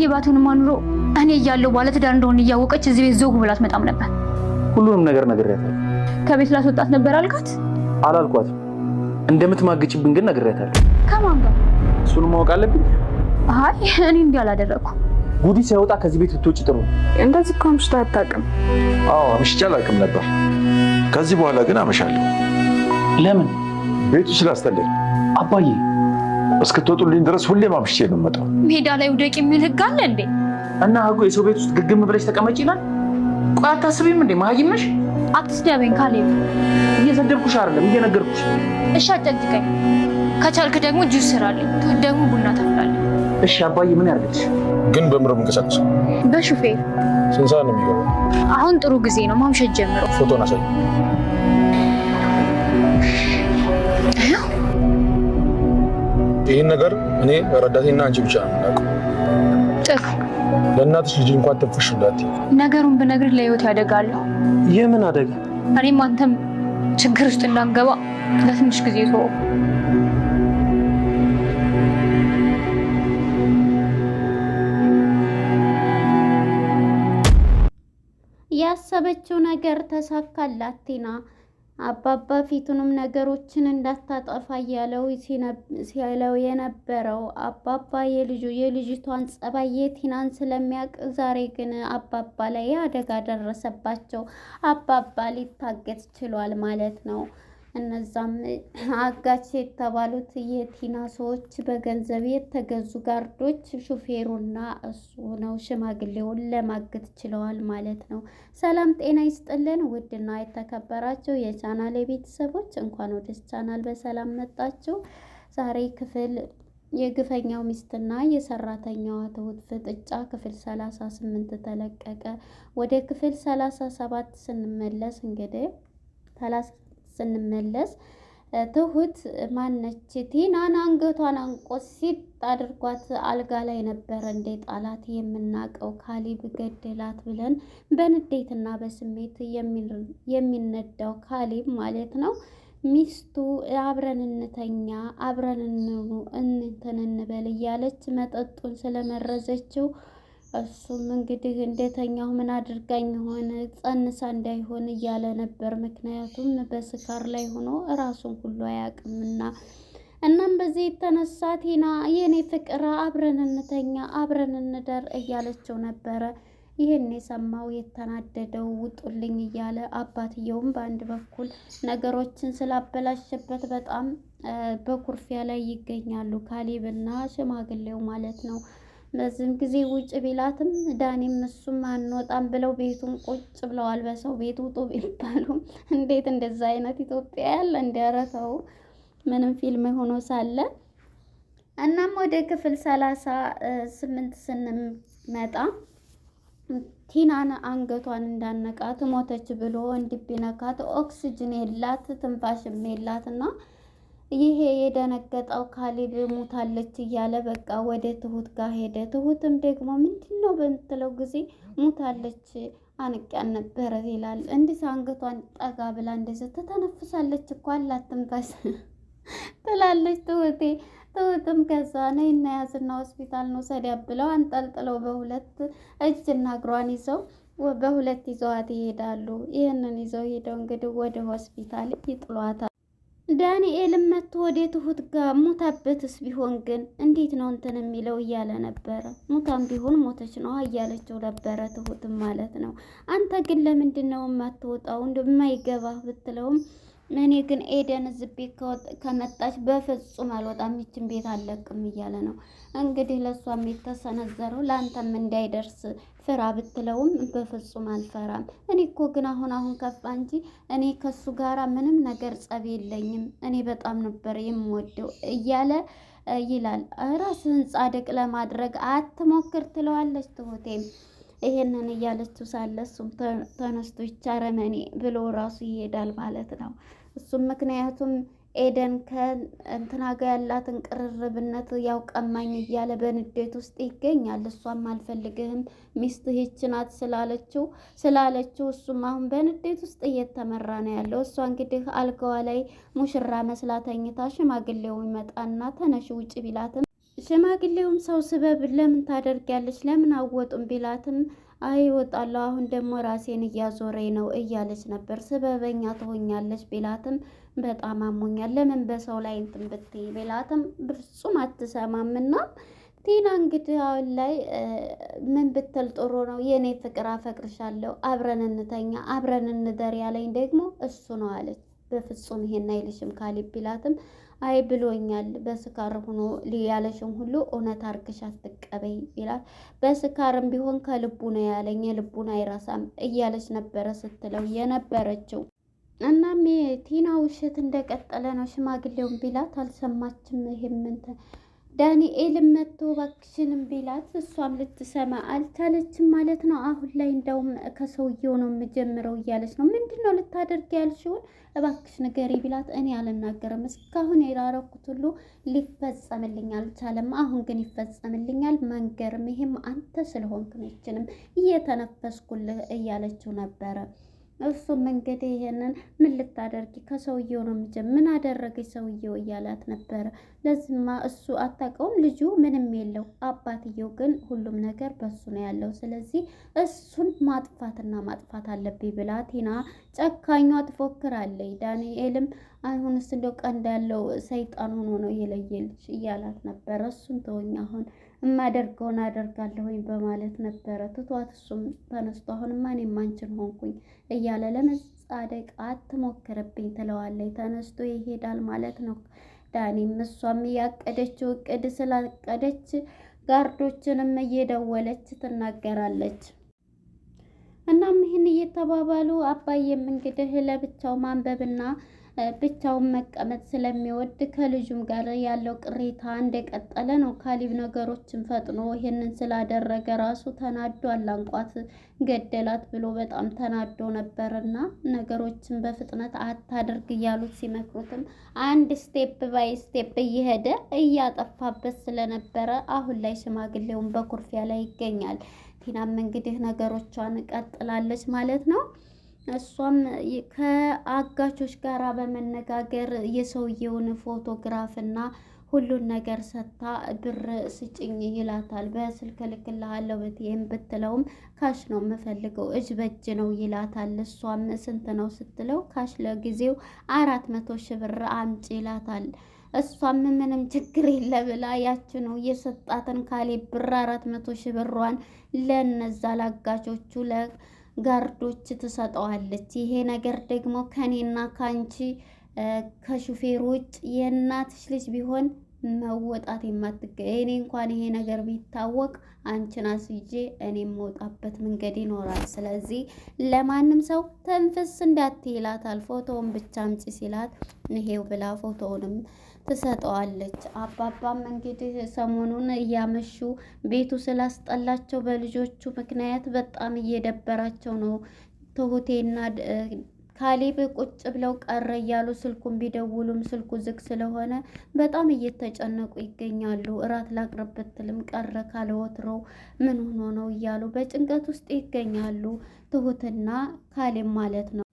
ሰውዬ ባትሆንማ ኑሮ እኔ እያለሁ ባለ እንደሆነ እያወቀች እዚህ ቤት ዘውግ ብላ አትመጣም ነበር። ሁሉንም ነገር ነግሬያታለሁ። ከቤት ላስወጣት ነበር አልካት? አላልኳትም። ማግጭብን ግን ነግሬያታለሁ። ከማን ጋር? እሱን ማወቅ አለብኝ። አይ እኔ እንዲህ አላደረግኩ። ጉዲ ሳይወጣ ከዚህ ቤት ብትወጪ ጥሩ። እንደዚህ እኮ አምሽቶ አታውቅም። አዎ አምሽቼ አላውቅም ነበር። ከዚህ በኋላ ግን አመሻለሁ። ለምን? ቤቱ ስላስጠላኝ። አባዬ እስክትወጡልኝ ድረስ ሁሌም አምሽቼ ነው የምመጣው። ሜዳ ላይ ውደቅ የሚል ህግ አለ እንዴ? እና ህጉ የሰው ቤት ውስጥ ግግም ብለሽ ተቀመጭ ይላል። ቆይ አታስቢም እንዴ? መሀይም ነሽ። አትስደበኝ ካሌብ። እየሰደብኩሽ አይደለም እየነገርኩሽ። እሺ አጨቅጭቀኝ፣ ከቻልክ ደግሞ ጁስ ስራልኝ፣ ደግሞ ቡና ታፍላለህ። እሺ አባዬ ምን ያርግልሽ። ግን በምሮ ምንቀሳቀስ በሹፌር ስንት ሰዓት ነው የሚገባው? አሁን ጥሩ ጊዜ ነው ማምሸት ጀምሮ ፎቶን አሳይ ይህን ነገር እኔ ረዳቴና አንቺ ብቻ ነው ጥፍ ለእናትሽ ልጅ እንኳን ተፈሽ እንዳት ነገሩን ብነግርህ ለህይወት ያደጋለሁ። የምን አደጋ? እኔም አንተም ችግር ውስጥ እንዳንገባ ለትንሽ ጊዜ ተወው። ያሰበችው ነገር ተሳካላት ቲና። አባባ ፊቱንም ነገሮችን እንዳታጠፋ እያለው ሲለው የነበረው አባባ የልጁ የልጅቷን ጸባይ የቲናን ስለሚያውቅ ዛሬ ግን አባባ ላይ አደጋ ደረሰባቸው። አባባ ሊታገት ችሏል ማለት ነው። እነዛም አጋች የተባሉት የቲና ሰዎች በገንዘብ የተገዙ ጋርዶች ሹፌሩና እሱ ነው ሽማግሌውን ለማገት ችለዋል ማለት ነው። ሰላም ጤና ይስጥልን ውድና የተከበራቸው የቻናል የቤተሰቦች እንኳን ወደ ቻናል በሰላም መጣችሁ። ዛሬ ክፍል የግፈኛው ሚስትና የሰራተኛዋ ትሁት ፍጥጫ ክፍል 38 ተለቀቀ። ወደ ክፍል 37 ስንመለስ እንግዲህ ስንመለስ ትሁት ማነች ቲናን አንገቷን አንቆ ሲጥ አድርጓት አልጋ ላይ ነበረ እንደ ጣላት የምናቀው ካሊብ ገደላት ብለን በንዴትና በስሜት የሚነዳው ካሊብ ማለት ነው። ሚስቱ አብረን እንተኛ አብረን እንኑ እንትን እንበል እያለች መጠጡን ስለመረዘችው እሱም እንግዲህ እንደተኛው ምን አድርጋኝ ሆን ጸንሳ እንዳይሆን እያለ ነበር። ምክንያቱም በስካር ላይ ሆኖ ራሱን ሁሉ አያውቅምና። እናም በዚህ የተነሳ ቲና የኔ ፍቅር አብረን እንተኛ፣ አብረን እንደር እያለችው ነበረ። ይህን የሰማው የተናደደው ውጡልኝ እያለ አባትየውም በአንድ በኩል ነገሮችን ስላበላሸበት በጣም በኩርፊያ ላይ ይገኛሉ። ካሌብና ሽማግሌው ማለት ነው። በዚህም ጊዜ ውጭ ቢላትም ዳኒም እሱም አንወጣም ብለው ቤቱን ቁጭ ብለዋል። በሰው ቤት ውጡ ቢባሉ እንዴት እንደዛ አይነት ኢትዮጵያ ያለ እንዲያረተው ምንም ፊልም ሆኖ ሳለ እናም ወደ ክፍል ሰላሳ ስምንት ስንመጣ ቲናን አንገቷን እንዳነቃት ሞተች ብሎ እንዲቢነካት ኦክስጅን የላት ትንፋሽም የላት እና ይሄ የደነገጠው ካሊድ ሙታለች እያለ በቃ ወደ ትሁት ጋር ሄደ። ትሁትም ደግሞ ምንድን ነው በምትለው ጊዜ ሙታለች አንቅያን ነበረ ይላል። እንዲህ አንገቷን ጠጋ ብላ እንደዚ ትተነፍሳለች እኮ አላትንፈስ ትላለች ትሁቴ። ትሁትም ከዛ ነይ እናያዝና ሆስፒታል ነው ሰዲያ ብለው አንጠልጥለው በሁለት እጅና እግሯን ይዘው በሁለት ይዘዋት ይሄዳሉ። ይህንን ይዘው ሄደው እንግዲህ ወደ ሆስፒታል ይጥሏታል። ዳንኤልም መጥቶ ወደ ትሁት ጋር ሞታበትስ ቢሆን ግን እንዴት ነው እንትን የሚለው እያለ ነበረ። ሙታም ቢሆን ሞተች ነዋ እያለችው ነበረ ትሁትም ማለት ነው። አንተ ግን ለምንድን ነው የማትወጣው እንደማይገባህ ብትለውም እኔ ግን ኤደን እዚህ ቤት ከመጣች በፍጹም አልወጣም፣ ይችን ቤት አለቅም እያለ ነው። እንግዲህ ለእሷም የተሰነዘረው ለአንተም እንዳይደርስ ፍራ ብትለውም በፍጹም አልፈራም። እኔ እኮ ግን አሁን አሁን ከፋ እንጂ እኔ ከሱ ጋራ ምንም ነገር ጸብ የለኝም። እኔ በጣም ነበር የምወደው እያለ ይላል። ራስህን ጻድቅ ለማድረግ አትሞክር ትለዋለች ትሁቴም። ይሄንን እያለችው ሳለ እሱም ተነስቶ ይቻረመኔ ብሎ ራሱ ይሄዳል ማለት ነው እሱም ምክንያቱም ኤደን ከእንትና ያላትን ቅርርብነት ያው ቀማኝ እያለ በንዴት ውስጥ ይገኛል። እሷም አልፈልግህም ሚስት ይህች ናት ስላለችው ስላለችው እሱም አሁን በንዴት ውስጥ እየተመራ ነው ያለው። እሷ እንግዲህ አልጋዋ ላይ ሙሽራ መስላ ተኝታ ሽማግሌው ይመጣና ተነሽ ውጭ ቢላትም ሽማግሌውም ሰው ስበብ ለምን ታደርጊያለች ለምን አወጡም ቢላትም ወጣለሁ አሁን ደግሞ ራሴን እያዞረኝ ነው እያለች ነበር። ስበበኛ ትሆኛለች ቢላትም በጣም አሞኛል፣ ለምን በሰው ላይ እንትን ብትይ ቢላትም ብርጹም አትሰማምና ቲና እንግዲህ አሁን ላይ ምን ብትል ጥሩ ነው? የእኔ ፍቅር አፈቅርሻለሁ፣ አብረን እንተኛ፣ አብረን እንደር ያለኝ ደግሞ እሱ ነው አለች። በፍጹም ይሄን አይልሽም ካሌብ ቢላትም አይ ብሎኛል፣ በስካር ሆኖ ያለሽም ሁሉ እውነት አርግሽ አትቀበይ ይላል። በስካርም ቢሆን ከልቡ ነው ያለኝ፣ የልቡን አይረሳም እያለች ነበረ ስትለው የነበረችው እናም ቲና ውሸት እንደቀጠለ ነው። ሽማግሌውን ቢላት አልሰማችም። ይሄም እንትን ዳንኤልም መጥቶ እባክሽንም ቢላት እሷም ልትሰማ አልቻለችም ማለት ነው። አሁን ላይ እንደውም ከሰውየው ነው የምጀምረው እያለች ነው። ምንድን ነው ልታደርግ ያልሽውን እባክሽ ንገሪ ቢላት እኔ አልናገርም፣ እስካሁን የራረኩት ሁሉ ሊፈጸምልኝ አልቻለም። አሁን ግን ይፈጸምልኛል፣ መንገርም ይሄም አንተ ስለሆንክ ነችንም እየተነፈስኩልህ እያለችው ነበረ እሱም እንግዲህ ይሄንን ምን ልታደርጊ ከሰውየው ነው ምጀ ምን አደረገች ሰውየው እያላት ነበረ። ለዚህማ እሱ አታውቀውም፣ ልጁ ምንም የለው። አባትየው ግን ሁሉም ነገር በሱ ነው ያለው። ስለዚህ እሱን ማጥፋትና ማጥፋት አለብኝ ብላ ቲና ጨካኟ ትፎክራለች። ዳንኤልም አሁንስ እንደው ቀንድ ያለው ሰይጣን ሆኖ ነው የለየልሽ እያላት ነበረ። እሱን ተወኝ አሁን እማደርገውን አደርጋለሁኝ በማለት ነበረ ትቷት እሱም ተነስቶ አሁንማ እኔም አንቺን ሆንኩኝ እያለ ለመጻደቅ አትሞክርብኝ ትለዋለች። ተነስቶ ይሄዳል ማለት ነው። ዳኒም እሷም ያቀደችው እቅድ ስላቀደች ጋርዶችንም እየደወለች ትናገራለች። እናም ይህን እየተባባሉ አባዬም እንግዲህ ለብቻው ማንበብና ብቻውን መቀመጥ ስለሚወድ ከልጁም ጋር ያለው ቅሬታ እንደቀጠለ ነው። ካሊብ ነገሮችን ፈጥኖ ይህንን ስላደረገ ራሱ ተናዶ አላንቋት ገደላት ብሎ በጣም ተናዶ ነበርና ነገሮችን በፍጥነት አታድርግ እያሉት ሲመክሩትም አንድ ስቴፕ ባይ ስቴፕ እየሄደ እያጠፋበት ስለነበረ አሁን ላይ ሽማግሌውን በኩርፊያ ላይ ይገኛል። ቲናም እንግዲህ ነገሮቿን ቀጥላለች ማለት ነው። እሷም ከአጋቾች ጋር በመነጋገር የሰውየውን ፎቶግራፍና ሁሉን ነገር ሰጥታ ብር ስጭኝ ይላታል። በስልክ ልክልሃለሁ ብትይም ብትለውም ካሽ ነው የምፈልገው እጅ በእጅ ነው ይላታል። እሷም ስንት ነው ስትለው ካሽ ለጊዜው አራት መቶ ሺህ ብር አምጪ ይላታል። እሷም ምንም ችግር የለ ብላ ያች ነው የሰጣትን ካሌ ብር አራት መቶ ሺህ ብሯን ለነዛ ላጋቾቹ ለ ጋርዶች ትሰጠዋለች። ይሄ ነገር ደግሞ ከኔና ካንቺ ከሹፌር ውጭ የእናትሽ ልጅ ቢሆን መወጣት የማትገ እኔ እንኳን ይሄ ነገር ቢታወቅ አንቺን አስይዤ እኔ የምወጣበት መንገድ ይኖራል። ስለዚህ ለማንም ሰው ተንፍስ እንዳት ይላታል። ፎቶውን ብቻ አምጪ ሲላት ይሄው ብላ ፎቶውንም ትሰጠዋለች። አባባም እንግዲህ ሰሞኑን እያመሹ ቤቱ ስላስጠላቸው በልጆቹ ምክንያት በጣም እየደበራቸው ነው ትሁቴና ካሌብ ቁጭ ብለው ቀረ እያሉ ስልኩን ቢደውሉም ስልኩ ዝግ ስለሆነ በጣም እየተጨነቁ ይገኛሉ። እራት ላቅርብ ብትልም ቀረ ካለወትሮ ምን ሆኖ ነው እያሉ በጭንቀት ውስጥ ይገኛሉ። ትሁትና ካሌብ ማለት ነው።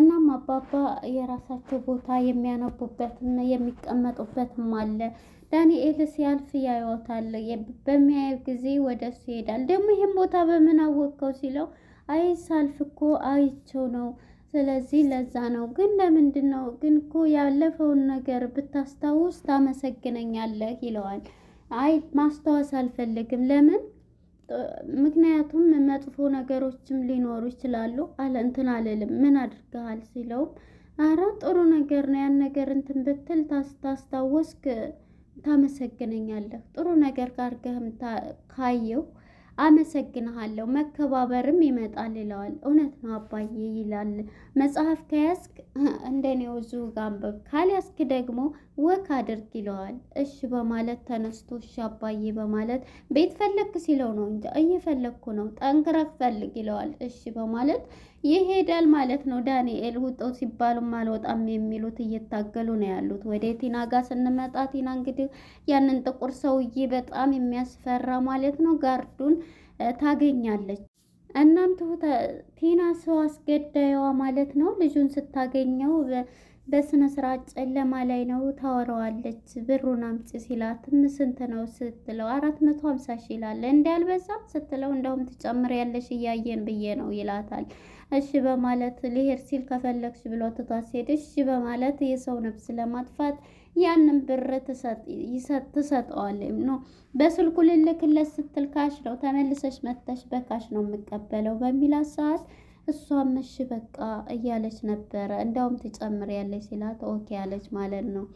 እናም አባባ የራሳቸው ቦታ የሚያነቡበትም የሚቀመጡበትም አለ። ዳንኤል ሲያልፍ ያዩታል። በሚያየው ጊዜ ወደ እሱ ይሄዳል። ደግሞ ይህም ቦታ በምን አወቀው ሲለው አይ ሳልፍ እኮ አይቸው ነው ስለዚህ ለዛ ነው። ግን ለምንድን ነው ግን እኮ ያለፈውን ነገር ብታስታውስ ታመሰግነኛለህ ይለዋል። አይ ማስታወስ አልፈልግም። ለምን? ምክንያቱም መጥፎ ነገሮችም ሊኖሩ ይችላሉ። አለ እንትን አልልም። ምን አድርገሃል ሲለውም አረ ጥሩ ነገር ነው ያን ነገር እንትን ብትል ታስታወስክ ታመሰግነኛለህ። ጥሩ ነገር ካርገህም ካየው አመሰግንሃለሁ፣ መከባበርም ይመጣል ይለዋል። እውነት ነው አባዬ ይላል። መጽሐፍ ከያዝክ እንደኔ ውዙ ጋንብብ፣ ካልያዝክ ደግሞ ወክ አድርግ ይለዋል። እሺ በማለት ተነስቶ እሺ አባዬ በማለት ቤት ፈለግክ ሲለው ነው እንጂ እየፈለግኩ ነው፣ ጠንክረህ ፈልግ ይለዋል። እሺ በማለት ይሄዳል ማለት ነው። ዳንኤል ውጠው ሲባሉም አልወጣም የሚሉት እየታገሉ ነው ያሉት። ወደ ቲና ጋር ስንመጣ ቲና እንግዲህ ያንን ጥቁር ሰውዬ በጣም የሚያስፈራ ማለት ነው ጋርዱን ታገኛለች። እናም ትሁት ቲና ሰው አስገዳዩዋ ማለት ነው ልጁን ስታገኘው በስነ ስርዓት ጨለማ ላይ ነው ታወራዋለች። ብሩን አምጪ ሲላት ስንት ነው ስትለው አራት መቶ ሀምሳ ሺ ይላል። እንዲ አልበዛም ስትለው እንደውም ትጨምሪያለሽ እያየን ብዬ ነው ይላታል። እሺ በማለት ሊሄድ ሲል ከፈለግሽ ብሎ ትቷት ሲሄድ እሺ በማለት የሰው ነፍስ ለማጥፋት ያንን ብር ትሰጠዋለች። ነው በስልኩ ልልክለት ስትል ካሽ ነው ተመልሰሽ መጥተሽ በካሽ ነው የምቀበለው በሚላት ሰዓት እሷም እሺ በቃ እያለች ነበረ። እንዳውም ትጨምር ያለች ሲላት ኦኬ ያለች ማለት ነው።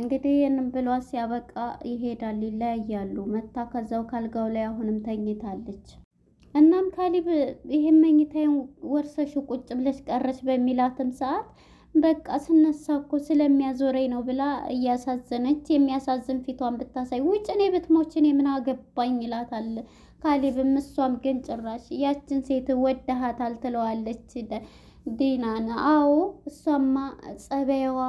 እንግዲህ ይህንም ብሏት ሲያበቃ ይሄዳል፣ ይለያያሉ። መታ ከዛው ካልጋው ላይ አሁንም ተኝታለች። እናም ካሊብ ይሄን መኝታዬን ወርሰሽ ቁጭ ብለሽ ቀረች በሚላትም ሰዓት በቃ ስነሳ እኮ ስለሚያዞረኝ ነው ብላ እያሳዘነች የሚያሳዝን ፊቷን ብታሳይ ውጭ እኔ ብትሞች እኔ ምን አገባኝ ይላታል። ካሌብም እሷም ግን ጭራሽ ያችን ሴት ወደሃታል ትለዋለች ዲናና። አዎ እሷማ ጸባይዋ፣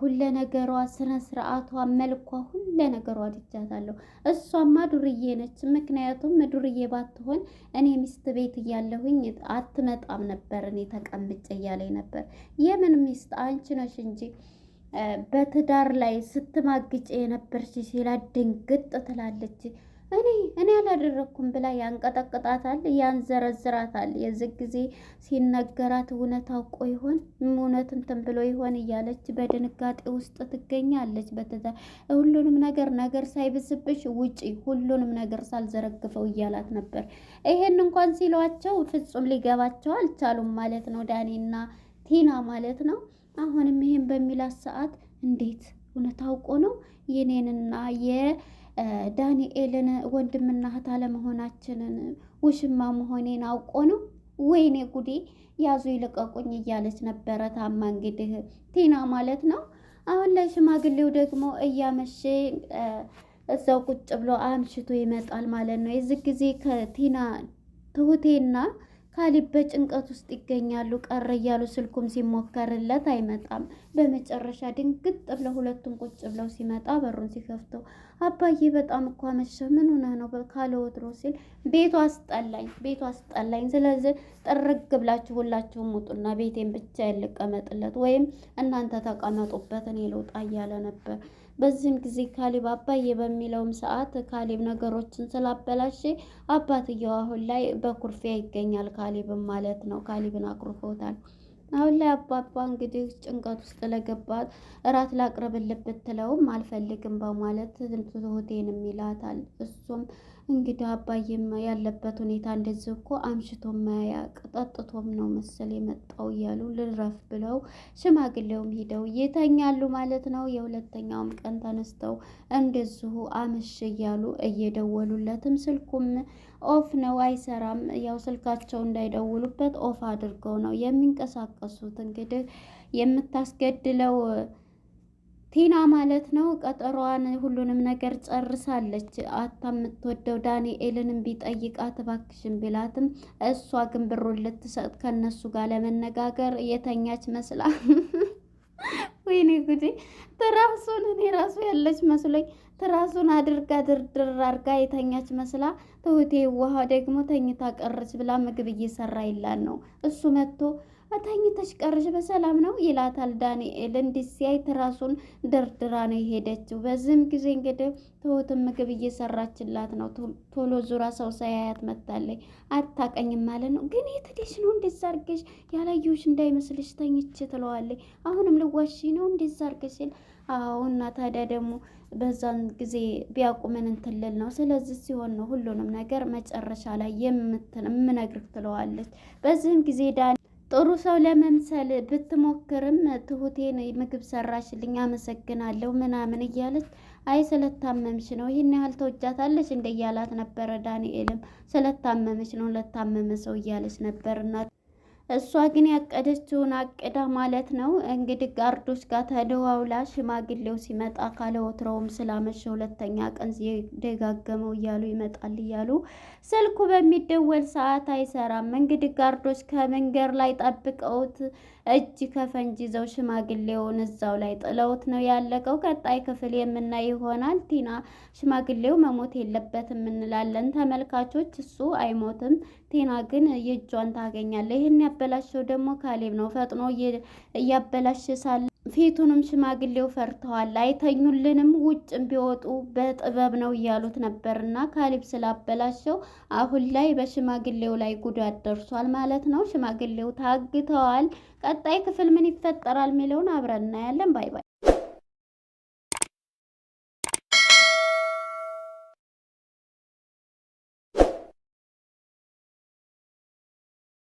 ሁለ ነገሯ፣ ስነ ስርዓቷ፣ መልኳ፣ ሁለ ነገሯ ወድጃታለሁ። እሷማ ዱርዬ ነች። ምክንያቱም ዱርዬ ባትሆን እኔ ሚስት ቤት እያለሁኝ አትመጣም ነበር፣ እኔ ተቀምጬ እያለኝ ነበር። የምን ሚስት አንቺ ነሽ እንጂ በትዳር ላይ ስትማግጭ የነበርሽ ሲላ ድንግጥ ትላለች። እኔ እኔ አላደረግኩም ብላ ያንቀጠቅጣታል፣ ያንዘረዝራታል። የዚህ ጊዜ ሲነገራት እውነት አውቆ ይሆን እውነት እንትን ብሎ ይሆን እያለች በድንጋጤ ውስጥ ትገኛለች። በትዛ ሁሉንም ነገር ነገር ሳይብስብሽ ውጪ፣ ሁሉንም ነገር ሳልዘረግፈው እያላት ነበር። ይሄን እንኳን ሲሏቸው ፍጹም ሊገባቸው አልቻሉም ማለት ነው፣ ዳኔና ቲና ማለት ነው። አሁንም ይሄን በሚላት ሰዓት እንዴት እውነት አውቆ ነው የኔንና የ ዳንኤልን ወንድምና እህት አለመሆናችንን ውሽማ መሆኔን አውቆ ነው ወይኔ ጉዴ ያዙ ይልቀቁኝ እያለች ነበረ። ታማ እንግዲህ ቲና ማለት ነው። አሁን ላይ ሽማግሌው ደግሞ እያመሼ እዛው ቁጭ ብሎ አምሽቶ ይመጣል ማለት ነው። የዚህ ጊዜ ከቲና ትሁቴና ካሌብ በጭንቀት ውስጥ ይገኛሉ። ቀረ እያሉ ስልኩም ሲሞከርለት አይመጣም። በመጨረሻ ድንግጥ ብለው ሁለቱም ቁጭ ብለው ሲመጣ በሩን ሲከፍተው አባዬ በጣም እኮ አመሸህ፣ ምን ሆነህ ነው ካለ ወትሮ ሲል ቤቱ አስጠላኝ፣ ቤቱ አስጠላኝ። ስለዚህ ጥርግ ብላችሁ ሁላችሁም ውጡና ቤቴን ብቻ ያልቀመጥለት ወይም እናንተ ተቀመጡበት እኔ ልውጣ እያለ ነበር። በዚህም ጊዜ ካሌብ አባዬ በሚለውም ሰዓት ካሌብ ነገሮችን ስላበላሸ አባትየው አሁን ላይ በኩርፊያ ይገኛል። ካሌብም ማለት ነው። ካሌብን አቅርፎታል። አሁን ላይ አባባ እንግዲህ ጭንቀት ውስጥ ለገባት እራት ላቅርብልህ ብትለውም አልፈልግም በማለት ትሁቴንም ይላታል እሱም እንግዲህ አባዬም ያለበት ሁኔታ እንደዚህ እኮ አምሽቶም ማያቅ ጠጥቶም ነው መሰል የመጣው እያሉ ልረፍ ብለው ሽማግሌውም ሂደው ይተኛሉ ማለት ነው። የሁለተኛውም ቀን ተነስተው እንደዚሁ አምሽ እያሉ እየደወሉለትም ስልኩም ኦፍ ነው አይሰራም። ያው ስልካቸው እንዳይደውሉበት ኦፍ አድርገው ነው የሚንቀሳቀሱት። እንግዲህ የምታስገድለው ቲና ማለት ነው ቀጠሮዋን ሁሉንም ነገር ጨርሳለች። አታ የምትወደው ዳንኤልንም ቢጠይቃት እባክሽን ቢላትም እሷ ግን ብሩን ልትሰጥ ከነሱ ጋር ለመነጋገር የተኛች መስላ ወይኔ ጉዴ! ትራሱን እኔ ራሱ ያለች መስሎኝ ትራሱን አድርጋ ድርድር አድርጋ የተኛች መስላ ትሁቴ ውሃ ደግሞ ተኝታ ቀረች ብላ ምግብ እየሰራ ይላል ነው እሱ መጥቶ ተኝተሽ ቀርሽ በሰላም ነው ይላታል ዳንኤል። እንዲህ ሲያይ ራሱን ደርድራ ነው የሄደችው። በዚህም ጊዜ እንግዲህ ትሁትን ምግብ እየሰራችላት ነው። ቶሎ ዙራ ሰው ሳያያት መታለች። አታቀኝም ማለት ነው። ግን የትዴሽ ነው እንደዛ አድርገሽ ያላየሁሽ እንዳይመስልሽ ተኝቼ ትለዋለች። አሁንም ልዋሽ ነው እንደዛ አድርገሽ ሲል አዎ ታዲያ ደግሞ በዛን ጊዜ ቢያውቁ ምን እንትን ነው። ስለዚህ ሲሆን ነው ሁሉንም ነገር መጨረሻ ላይ የምነግርህ ትለዋለች። በዚህም ጊዜ ዳን ጥሩ ሰው ለመምሰል ብትሞክርም ትሁቴን ምግብ ሰራሽልኝ አመሰግናለሁ ምናምን እያለች አይ ስለታመምሽ ነው ይህን ያህል ተወጃታለች እንደ እያላት ነበረ። ዳንኤልም ስለታመመች ነው ለታመመ ሰው እያለች ነበር እናት እሷ ግን ያቀደችውን አቅዳ ማለት ነው እንግዲህ ጋርዶች ጋር ተደዋውላ ሽማግሌው ሲመጣ ካለ ወትሮውም ስላመሸ ሁለተኛ ቀን ደጋገመው እያሉ ይመጣል እያሉ ስልኩ በሚደወል ሰዓት አይሰራም። እንግዲህ ጋርዶች ከመንገድ ላይ ጠብቀውት እጅ ከፈንጅ ይዘው ሽማግሌውን እዛው ላይ ጥለውት ነው ያለቀው። ቀጣይ ክፍል የምናይ ይሆናል። ቲና ሽማግሌው መሞት የለበትም እንላለን ተመልካቾች። እሱ አይሞትም፣ ቲና ግን የእጇን ታገኛለ። ይህን ያበላሸው ደግሞ ካሌብ ነው። ፈጥኖ እያበላሸ ሳለ ፊቱንም ሽማግሌው ፈርተዋል። አይተኙልንም፣ ውጭም ቢወጡ በጥበብ ነው እያሉት ነበርና ካሊብ ስላበላሸው አሁን ላይ በሽማግሌው ላይ ጉዳት ደርሷል ማለት ነው። ሽማግሌው ታግተዋል። ቀጣይ ክፍል ምን ይፈጠራል የሚለውን አብረን እናያለን። ባይ ባይ።